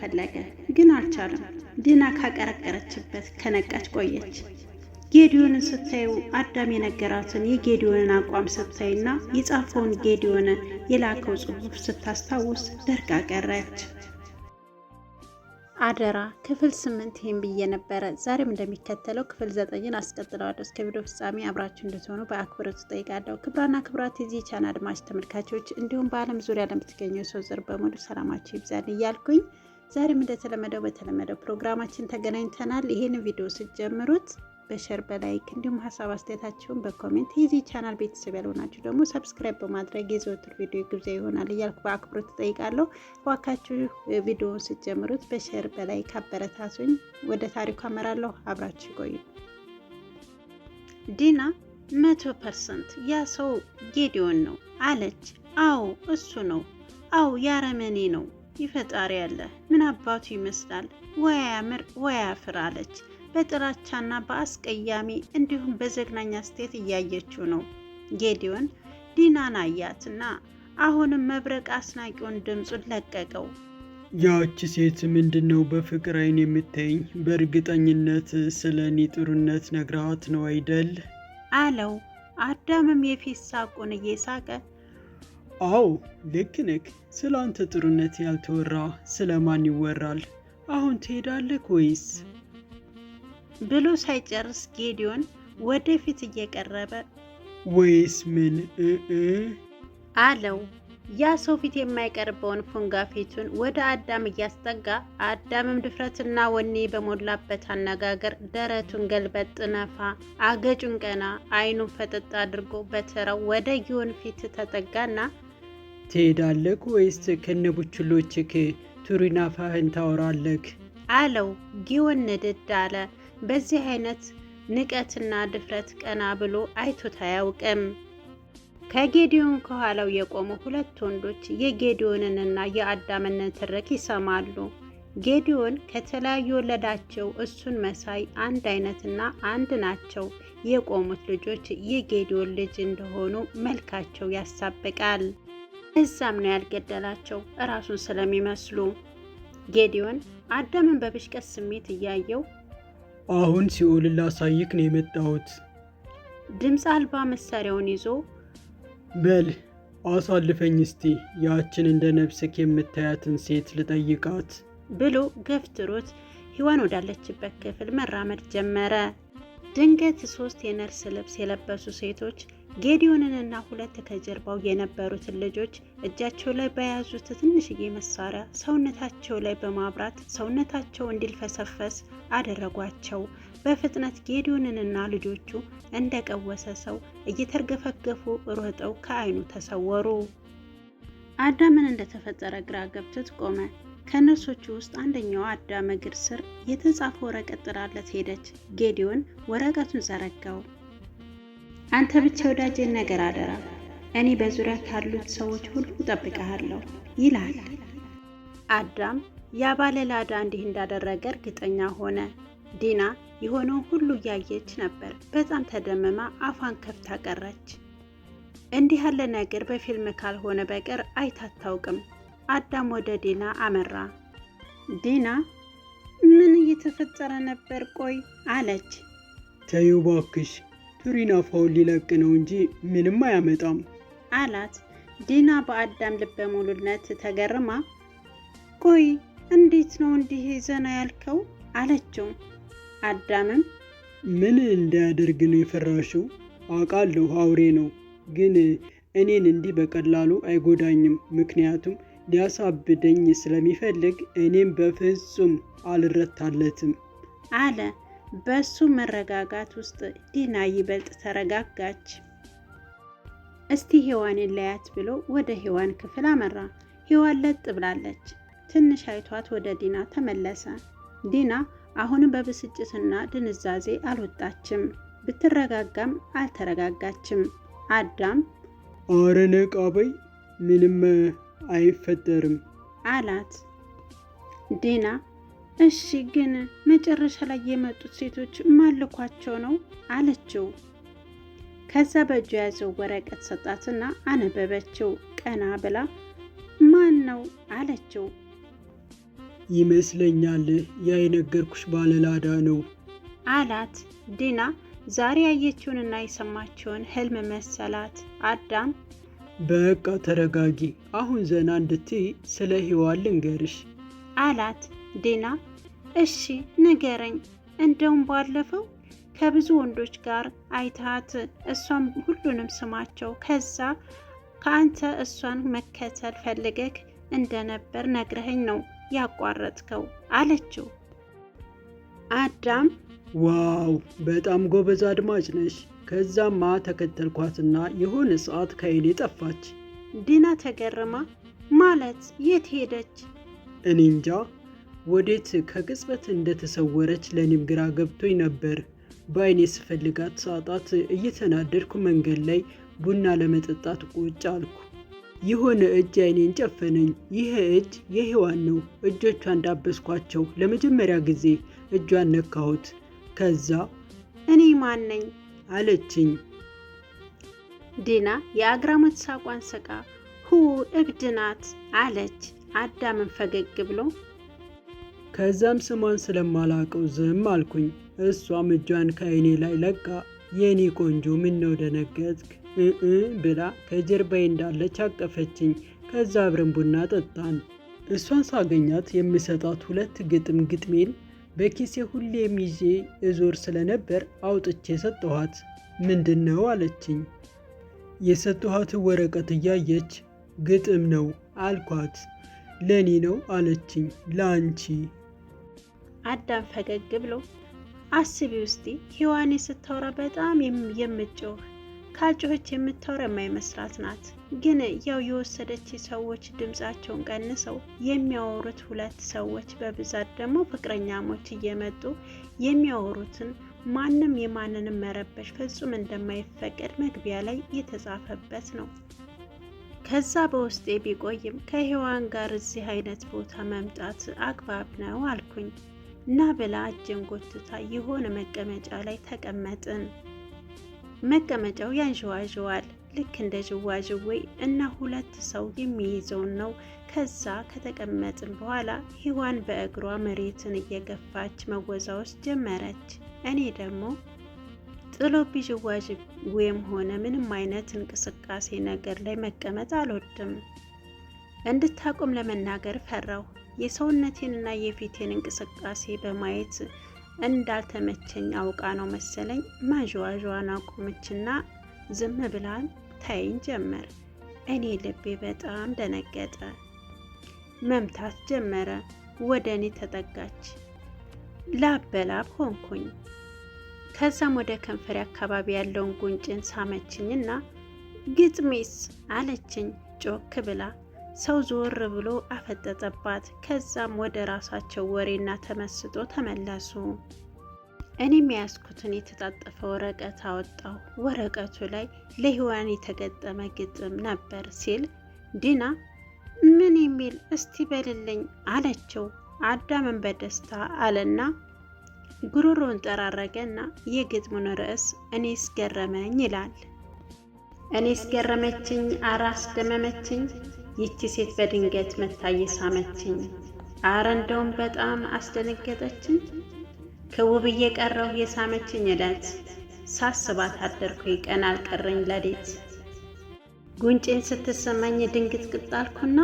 ፈለገ፣ ግን አልቻለም። ድና ካቀረቀረችበት ከነቃች ቆየች። ጌዲዮንን ስታዩ አዳም የነገራትን የጌዲዮንን አቋም ስታይና የጻፈውን ጌዲዮን የላከው ጽሑፍ ስታስታውስ ደርቃ ቀረች። አደራ ክፍል ስምንት ይህም ብዬ ነበረ። ዛሬም እንደሚከተለው ክፍል ዘጠኝን አስቀጥለዋለሁ። እስከ ቪዲዮ ፍጻሜ አብራችሁ እንድትሆኑ በአክብሮት ጠይቃለሁ። ክብራና ክብራት የዚህ ቻናል አድማጭ ተመልካቾች፣ እንዲሁም በዓለም ዙሪያ ለምትገኘው ሰው ዘር በሙሉ ሰላማችሁ ይብዛል እያልኩኝ ዛሬም እንደተለመደው በተለመደው ፕሮግራማችን ተገናኝተናል። ይህን ቪዲዮ ስትጀምሩት በሸር በላይክ እንዲሁም ሀሳብ አስተያየታችሁን በኮሜንት የዚህ ቻናል ቤተሰብ ያልሆናችሁ ደግሞ ሰብስክራይብ በማድረግ የዘወትር ቪዲዮ ግብዣ ይሆናል እያልኩ በአክብሮት እጠይቃለሁ። እባካችሁ ቪዲዮውን ስትጀምሩት በሸር በላይክ አበረታቱኝ። ወደ ታሪኩ አመራለሁ። አብራችሁ ቆዩ። ዲና መቶ ፐርሰንት ያ ሰው ጌዲዮን ነው አለች። አዎ እሱ ነው። አዎ ያረመኔ ነው ፈጣሪ ያለ ምን አባቱ ይመስላል ወይ ያምር ወይ ያፍር አለች። በጥላቻና በአስቀያሚ እንዲሁም በዘግናኝ አስተያየት እያየችው ነው። ጌዲዮን ዲናን አያትና አሁንም መብረቅ አስናቂውን ድምፁን ለቀቀው። ያቺ ሴት ምንድን ነው በፍቅር አይን የምታይኝ? በእርግጠኝነት ስለ እኔ ጥሩነት ነግረሃት ነው አይደል? አለው። አዳምም የፊት ሳቁን እየሳቀ አዎ ልክ ነክ። ስለ አንተ ጥሩነት ያልተወራ ስለ ማን ይወራል? አሁን ትሄዳለህ ወይስ? ብሎ ሳይጨርስ ጌዲዮን ወደፊት እየቀረበ ወይስ ምን አለው። ያ ሰው ፊት የማይቀርበውን ፉንጋ ፊቱን ወደ አዳም እያስጠጋ አዳምም ድፍረትና ወኔ በሞላበት አነጋገር ደረቱን ገልበጥ ነፋ፣ አገጩን ቀና፣ አይኑን ፈጠጥ አድርጎ በተራው ወደ ጊዮን ፊት ተጠጋና ትሄዳለክ ወይስ ከነቡችሎችክ ፋህን ታወራለክ? አለው። ጊዮን ንድድ አለ። በዚህ አይነት ንቀትና ድፍረት ቀና ብሎ አይቶት አያውቅም። ከጌዲዮን ከኋላው የቆሙ ሁለት ወንዶች የጌዲዮንንና የአዳምንን ትርክ ይሰማሉ። ጌዲዮን ከተለያዩ ወለዳቸው እሱን መሳይ አንድ አይነትና አንድ ናቸው የቆሙት ልጆች የጌዲዮን ልጅ እንደሆኑ መልካቸው ያሳብቃል። እዛም ነው ያልገደላቸው እራሱን ስለሚመስሉ። ጌዲዮን አዳምን በብሽቀት ስሜት እያየው አሁን ሲኦልን ላሳይክ ነው የመጣሁት። ድምፅ አልባ መሳሪያውን ይዞ በል አሳልፈኝ እስቲ ያችን እንደ ነፍስክ የምታያትን ሴት ልጠይቃት ብሎ ገፍትሮት ሂዋን ወዳለችበት ክፍል መራመድ ጀመረ። ድንገት ሶስት የነርስ ልብስ የለበሱ ሴቶች ጌዲዮንንና ሁለት ከጀርባው የነበሩትን ልጆች እጃቸው ላይ በያዙት ትንሽዬ መሳሪያ ሰውነታቸው ላይ በማብራት ሰውነታቸው እንዲልፈሰፈስ አደረጓቸው። በፍጥነት ጌዲዮንንና ልጆቹ እንደቀወሰ ሰው እየተርገፈገፉ ሮጠው ከአይኑ ተሰወሩ። አዳምን እንደተፈጠረ ግራ ገብቶት ቆመ። ከነርሶቹ ውስጥ አንደኛዋ አዳም እግር ስር የተጻፈ ወረቀት ጥላለት ሄደች። ጌዲዮን ወረቀቱን ዘረጋው። አንተ ብቻ ወዳጄን ነገር አደራ፣ እኔ በዙሪያ ካሉት ሰዎች ሁሉ እጠብቅሃለሁ ይላል። አዳም ያባለላዳ እንዲህ እንዳደረገ እርግጠኛ ሆነ። ዲና የሆነውን ሁሉ እያየች ነበር። በጣም ተደምማ አፏን ከፍታ ቀረች። እንዲህ ያለ ነገር በፊልም ካልሆነ በቀር አይታታውቅም! አዳም ወደ ዲና አመራ። ዲና ምን እየተፈጠረ ነበር? ቆይ አለች። ተይው እባክሽ ፋውል ሊለቅ ነው እንጂ ምንም አያመጣም አላት። ዲና በአዳም ልበ ሙሉነት ተገርማ ቆይ እንዴት ነው እንዲህ ዘና ያልከው አለችው። አዳምም ምን እንዳያደርግ ነው የፈራሽው? አውቃለሁ አውሬ ነው፣ ግን እኔን እንዲህ በቀላሉ አይጎዳኝም። ምክንያቱም ሊያሳብደኝ ስለሚፈልግ እኔም በፍጹም አልረታለትም አለ። በሱ መረጋጋት ውስጥ ዲና ይበልጥ ተረጋጋች። እስቲ ሔዋንን ለያት ብሎ ወደ ሔዋን ክፍል አመራ። ሔዋን ለጥ ብላለች። ትንሽ አይቷት ወደ ዲና ተመለሰ። ዲና አሁንም በብስጭትና ድንዛዜ አልወጣችም። ብትረጋጋም አልተረጋጋችም። አዳም አረ ነቃ በይ፣ ምንም አይፈጠርም አላት ዲና እሺ ግን መጨረሻ ላይ የመጡት ሴቶች ማልኳቸው ነው አለችው። ከዛ በእጁ የያዘው ወረቀት ሰጣትና አነበበችው። ቀና ብላ ማን ነው አለችው። ይመስለኛል ያ የነገርኩሽ ባለላዳ ነው አላት። ዲና ዛሬ ያየችውንና የሰማችውን ህልም መሰላት። አዳም በቃ ተረጋጊ፣ አሁን ዘና እንድትይ ስለ ሔዋን ልንገርሽ አላት ዲና እሺ ንገረኝ፣ እንደውም ባለፈው ከብዙ ወንዶች ጋር አይታት እሷን ሁሉንም ስማቸው ከዛ ከአንተ እሷን መከተል ፈልገህ እንደነበር ነግረኸኝ ነው ያቋረጥከው አለችው። አዳም ዋው በጣም ጎበዝ አድማጭ ነሽ፣ ከዛማ ተከተልኳትና የሆነ ሰዓት ከዓይኔ ጠፋች። ዲና ተገርማ ማለት የት ሄደች? እኔ እንጃ ወዴት ከቅጽበት እንደተሰወረች ለእኔም ግራ ገብቶኝ ነበር። በአይኔ ስፈልጋት ሳጣት እየተናደድኩ መንገድ ላይ ቡና ለመጠጣት ቁጭ አልኩ። የሆነ እጅ አይኔን ጨፈነኝ። ይህ እጅ የሔዋን ነው። እጆቿ እንዳበስኳቸው ለመጀመሪያ ጊዜ እጇን ነካሁት። ከዛ እኔ ማን ነኝ አለችኝ። ድና የአግራሞት ሳቋን ስቃ ሁ እብድናት አለች። አዳምን ፈገግ ብሎ ከዚያም ስሟን ስለማላውቀው ዝም አልኩኝ። እሷም እጇን ከአይኔ ላይ ለቃ የኔ ቆንጆ ምነው ደነገጥክ እ ብላ ከጀርባዬ እንዳለች አቀፈችኝ። ከዛ አብረን ቡና ጠጣን። እሷን ሳገኛት የምሰጣት ሁለት ግጥም ግጥሜን በኪሴ ሁሌም ይዤ እዞር ስለነበር አውጥቼ ሰጠኋት። ምንድን ነው አለችኝ። የሰጠኋትን ወረቀት እያየች ግጥም ነው አልኳት። ለእኔ ነው አለችኝ። ለአንቺ አዳም ፈገግ ብሎ አስቢ ውስጢ ሔዋኔ ስታወራ በጣም የምትጮህ ካልጮኸች የምታወራ የማይመስላት ናት። ግን ያው የወሰደች ሰዎች ድምፃቸውን ቀንሰው የሚያወሩት ሁለት ሰዎች በብዛት ደግሞ ፍቅረኛሞች እየመጡ የሚያወሩትን ማንም የማንንም መረበሽ ፍጹም እንደማይፈቀድ መግቢያ ላይ የተጻፈበት ነው። ከዛ በውስጤ ቢቆይም ከሔዋን ጋር እዚህ አይነት ቦታ መምጣት አግባብ ነው አልኩኝ። ና ብላ እጄን ጎትታ የሆነ መቀመጫ ላይ ተቀመጥን። መቀመጫው ያንዥዋዥዋል ልክ እንደ ዥዋዥዌ እና ሁለት ሰው የሚይዘውን ነው። ከዛ ከተቀመጥን በኋላ ሂዋን በእግሯ መሬትን እየገፋች መወዛወስ ጀመረች። እኔ ደግሞ ጥሎብ ዥዋዥዌ ወይም ሆነ ምንም አይነት እንቅስቃሴ ነገር ላይ መቀመጥ አልወድም። እንድታቆም ለመናገር ፈራሁ። የሰውነቴን እና የፊቴን እንቅስቃሴ በማየት እንዳልተመቸኝ አውቃ ነው መሰለኝ ማዥዋዥዋን አቆመችና ዝም ብላን ታይኝ ጀመር። እኔ ልቤ በጣም ደነገጠ፣ መምታት ጀመረ። ወደ እኔ ተጠጋች፣ ላብ በላብ ሆንኩኝ። ከዛም ወደ ከንፈሬ አካባቢ ያለውን ጉንጭን ሳመችኝና ግጥሚስ አለችኝ ጮክ ብላ ሰው ዞር ብሎ አፈጠጠባት። ከዛም ወደ ራሳቸው ወሬና ተመስጦ ተመለሱ። እኔም የያዝኩትን የተጣጠፈ ወረቀት አወጣው። ወረቀቱ ላይ ለህዋን የተገጠመ ግጥም ነበር ሲል ዲና ምን የሚል እስቲ በልልኝ አለችው። አዳምን በደስታ አለና ጉሮሮን ጠራረገና የግጥሙን ርዕስ እኔስ ገረመኝ ይላል። እኔስ ገረመችኝ፣ አራስ ደመመችኝ ይቺ ሴት በድንገት መታየት ሳመችኝ። አረ እንደውም በጣም አስደነገጠችኝ። ከውብ እየቀረሁ የሳመችኝ ዕለት ሳስባት አደርኩ። ቀን አልቀረኝ ለሌት ጉንጬን ስትስመኝ ድንግት ቅጣልኩና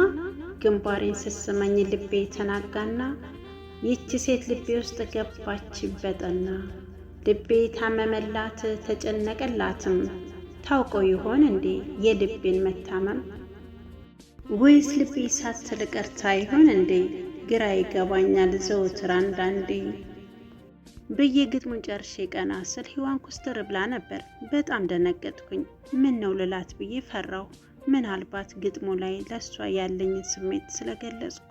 ግንባሬን ስትሰመኝ ልቤ ተናጋና ይቺ ሴት ልቤ ውስጥ ገባች በጠና። ልቤ ታመመላት ተጨነቀላትም። ታውቀው ይሆን እንዴ የልቤን መታመም? ወይስ ልቤ ሳትል ቀርታ ይሆን እንዴ? ግራ ይገባኛል ዘወትር አንዳንዴ ብዬ ግጥሙን ጨርሼ ቀና ስል ሔዋን ኩስትር ብላ ነበር። በጣም ደነገጥኩኝ። ምን ነው ልላት ብዬ ፈራሁ። ምናልባት ግጥሙ ላይ ለእሷ ያለኝን ስሜት ስለገለጽኩ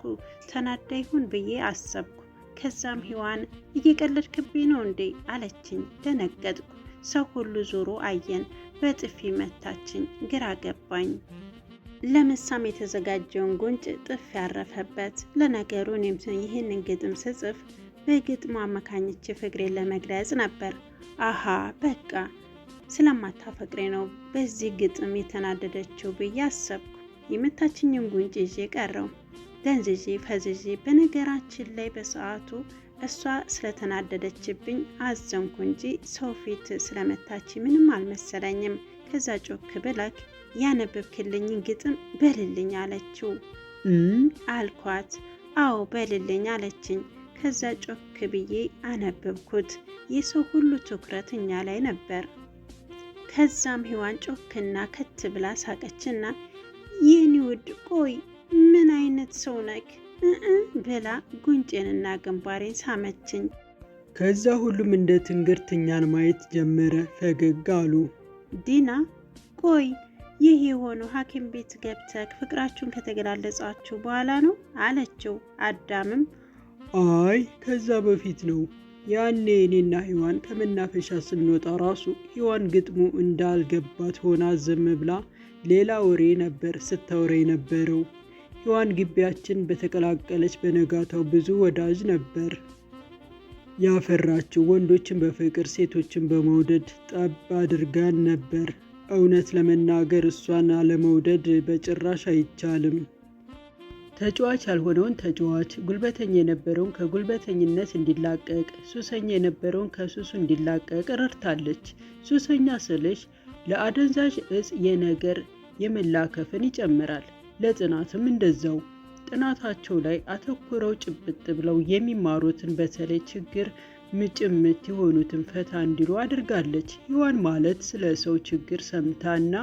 ተናዳ ይሁን ብዬ አሰብኩ። ከዛም ሔዋን እየቀለድክብኝ ነው እንዴ አለችኝ። ደነገጥኩ። ሰው ሁሉ ዞሮ አየን። በጥፊ መታችኝ። ግራ ገባኝ። ለምሳም የተዘጋጀውን ጉንጭ ጥፍ ያረፈበት። ለነገሩ እኔም ይህንን ግጥም ስጽፍ በግጥሙ አማካኝች ፍቅሬን ለመግለጽ ነበር። አሃ በቃ ስለማታፈቅሬ ነው በዚህ ግጥም የተናደደችው ብዬ አሰብኩ። የመታችኝን ጉንጭ ይዤ ቀረው ደንዝዤ ፈዝዤ። በነገራችን ላይ በሰዓቱ እሷ ስለተናደደችብኝ አዘንኩ እንጂ ሰው ፊት ስለመታች ምንም አልመሰለኝም። ከዛ ጮክ ብለክ ያነበብክልኝን ግጥም በልልኝ አለችው። አልኳት። አዎ በልልኝ አለችኝ። ከዛ ጮክ ብዬ አነበብኩት። የሰው ሁሉ ትኩረት እኛ ላይ ነበር። ከዛም ሔዋን ጮክና ከት ብላ ሳቀችና ይህን ውድ ቆይ ምን አይነት ሰው ነክ ብላ ጉንጬንና ግንባሬን ሳመችኝ። ከዛ ሁሉም እንደ ትንግርት እኛን ማየት ጀመረ። ፈገግ አሉ። ዲና ቆይ ይህ የሆነው ሐኪም ቤት ገብተህ ፍቅራችሁን ከተገላለጻችሁ በኋላ ነው አለችው። አዳምም አይ ከዛ በፊት ነው። ያኔ እኔና ሔዋን ከመናፈሻ ስንወጣ ራሱ ሔዋን ግጥሙ እንዳልገባት ሆና ዝም ብላ ሌላ ወሬ ነበር ስታወራ የነበረው። ሔዋን ግቢያችን በተቀላቀለች በነጋታው ብዙ ወዳጅ ነበር ያፈራችው። ወንዶችን በፍቅር ሴቶችን በመውደድ ጠብ አድርጋን ነበር። እውነት ለመናገር እሷን አለመውደድ በጭራሽ አይቻልም። ተጫዋች ያልሆነውን ተጫዋች፣ ጉልበተኛ የነበረውን ከጉልበተኝነት እንዲላቀቅ፣ ሱሰኛ የነበረውን ከሱሱ እንዲላቀቅ ረድታለች። ሱሰኛ ስልሽ ለአደንዛዥ እጽ የነገር የመላከፍን ይጨምራል። ለጥናትም እንደዛው ጥናታቸው ላይ አተኩረው ጭብጥ ብለው የሚማሩትን በተለይ ችግር ምጭምት የሆኑትን ፈታ እንዲሉ አድርጋለች። ሔዋን ማለት ስለ ሰው ችግር ሰምታና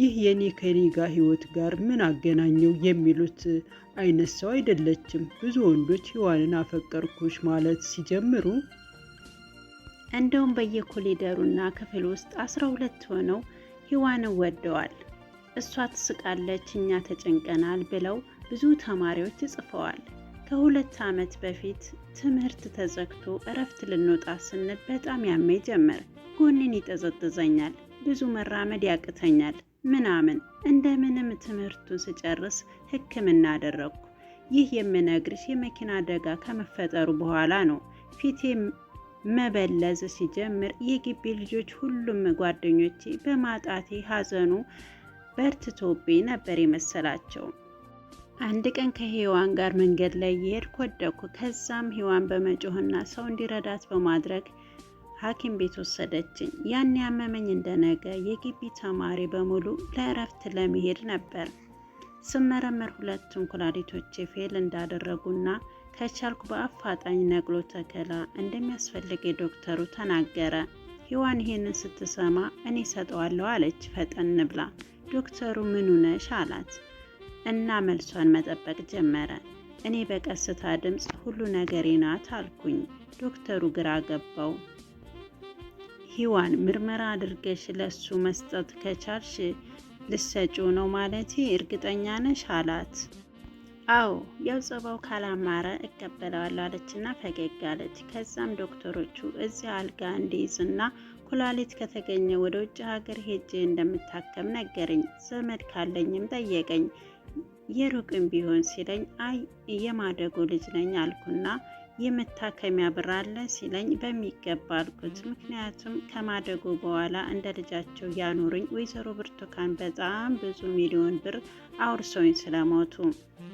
ይህ የኔ ከኔ ጋር ህይወት ጋር ምን አገናኘው የሚሉት አይነት ሰው አይደለችም። ብዙ ወንዶች ሔዋንን አፈቀርኩሽ ማለት ሲጀምሩ እንደውም በየኮሊደሩና ክፍል ውስጥ አስራ ሁለት ሆነው ሔዋንን ወደዋል፣ እሷ ትስቃለች፣ እኛ ተጨንቀናል ብለው ብዙ ተማሪዎች ጽፈዋል። ከሁለት ዓመት በፊት ትምህርት ተዘግቶ እረፍት ልንወጣ ስንል በጣም ያመኝ ጀመር። ጎንን ይጠዘጥዘኛል፣ ብዙ መራመድ ያቅተኛል ምናምን። እንደምንም ትምህርቱን ስጨርስ ሕክምና አደረግኩ። ይህ የምነግርሽ የመኪና አደጋ ከመፈጠሩ በኋላ ነው። ፊቴ መበለዝ ሲጀምር የግቢ ልጆች፣ ሁሉም ጓደኞቼ በማጣቴ ሀዘኑ በርትቶቤ ነበር የመሰላቸው። አንድ ቀን ከሔዋን ጋር መንገድ ላይ የሄድኩ ወደኩ። ከዛም ሔዋን በመጮህና ሰው እንዲረዳት በማድረግ ሐኪም ቤት ወሰደችኝ። ያን ያመመኝ እንደነገ የግቢ ተማሪ በሙሉ ለእረፍት ለመሄድ ነበር። ስመረመር ሁለቱም ኩላሊቶቼ ፌል እንዳደረጉና ከቻልኩ በአፋጣኝ ነቅሎ ተከላ እንደሚያስፈልግ ዶክተሩ ተናገረ። ሔዋን ይህንን ስትሰማ እኔ ሰጠዋለሁ አለች። ፈጠን ብላ ዶክተሩ ምኑ ነሽ አላት። እና መልሷን መጠበቅ ጀመረ። እኔ በቀስታ ድምፅ ሁሉ ነገሬ ናት አልኩኝ። ዶክተሩ ግራ ገባው። ሂዋን ምርመራ አድርገሽ ለሱ መስጠት ከቻልሽ ልሰጪው ነው ማለት እርግጠኛ ነሽ አላት። አዎ ያው ጸባው ካላማረ እቀበለዋለሁ አለችና ፈገግ አለች። ከዛም ዶክተሮቹ እዚህ አልጋ እንዲይዝና ኩላሊት ከተገኘ ወደ ውጭ ሀገር ሄጄ እንደምታከም ነገረኝ። ዘመድ ካለኝም ጠየቀኝ። የሩቅም ቢሆን ሲለኝ አይ የማደጎ ልጅ ነኝ አልኩና የመታከሚያ ብር አለ ሲለኝ በሚገባ አልኩት። ምክንያቱም ከማደጎ በኋላ እንደ ልጃቸው ያኖሩኝ ወይዘሮ ብርቱካን በጣም ብዙ ሚሊዮን ብር አውርሰውኝ ስለሞቱ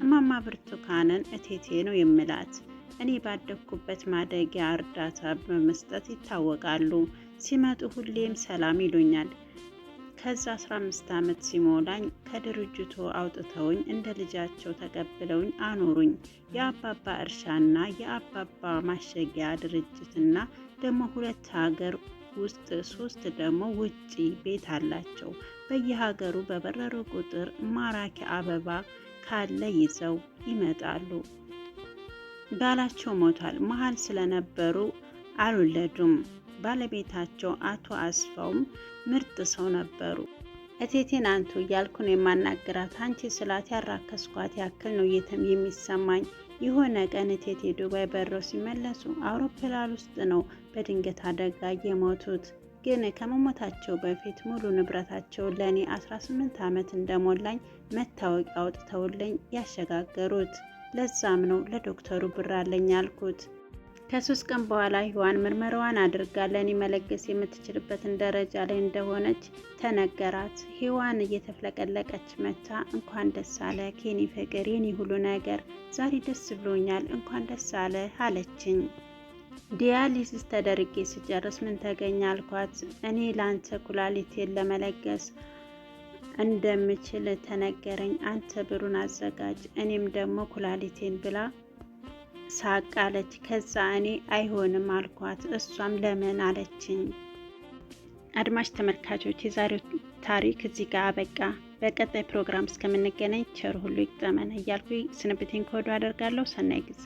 እማማ ብርቱካንን እቴቴ ነው የምላት። እኔ ባደግኩበት ማደጊያ እርዳታ በመስጠት ይታወቃሉ። ሲመጡ ሁሌም ሰላም ይሉኛል። ከዛ 15 ዓመት ሲሞላኝ ከድርጅቱ አውጥተውኝ እንደ ልጃቸው ተቀብለውኝ አኖሩኝ። የአባባ እርሻና የአባባ ማሸጊያ ድርጅትና ደግሞ ሁለት ሀገር ውስጥ ሶስት ደግሞ ውጪ ቤት አላቸው። በየሀገሩ በበረሩ ቁጥር ማራኪ አበባ ካለ ይዘው ይመጣሉ። ባላቸው ሞቷል። መሀል ስለነበሩ አልወለዱም። ባለቤታቸው አቶ አስፋውም ምርጥ ሰው ነበሩ። እቴቴን አንቱ እያልኩን የማናገራት። አንቺ ስላት ያራከስኳት ያክል ነው የትም የሚሰማኝ። የሆነ ቀን እቴቴ ዱባይ በረው ሲመለሱ አውሮፕላን ውስጥ ነው በድንገት አደጋ የሞቱት። ግን ከመሞታቸው በፊት ሙሉ ንብረታቸው ለእኔ 18 ዓመት እንደሞላኝ መታወቂያ አውጥተውልኝ ያሸጋገሩት። ለዛም ነው ለዶክተሩ ብር አለኝ ያልኩት። ከሶስት ቀን በኋላ ህዋን ምርመራዋን አድርጋ ለእኔ መለገስ የምትችልበትን ደረጃ ላይ እንደሆነች ተነገራት። ህዋን እየተፍለቀለቀች መታ እንኳን ደስ አለ ኬኒ ፍቅር፣ የኔ ሁሉ ነገር፣ ዛሬ ደስ ብሎኛል፣ እንኳን ደስ አለ አለችኝ። ዲያሊሲስ ተደርጌ ስጨርስ ምን ተገኘ አልኳት። እኔ ለአንተ ኩላሊቴን ለመለገስ እንደምችል ተነገረኝ። አንተ ብሩን አዘጋጅ፣ እኔም ደግሞ ኩላሊቴን ብላ ሳቅ አለች። ከዛ እኔ አይሆንም አልኳት፣ እሷም ለምን አለችኝ። አድማጭ ተመልካቾች የዛሬው ታሪክ እዚህ ጋር አበቃ። በቀጣይ ፕሮግራም እስከምንገናኝ ቸር ሁሉ ይጠመን እያልኩ ስንብቴን ከወዱ አደርጋለሁ። ሰናይ ጊዜ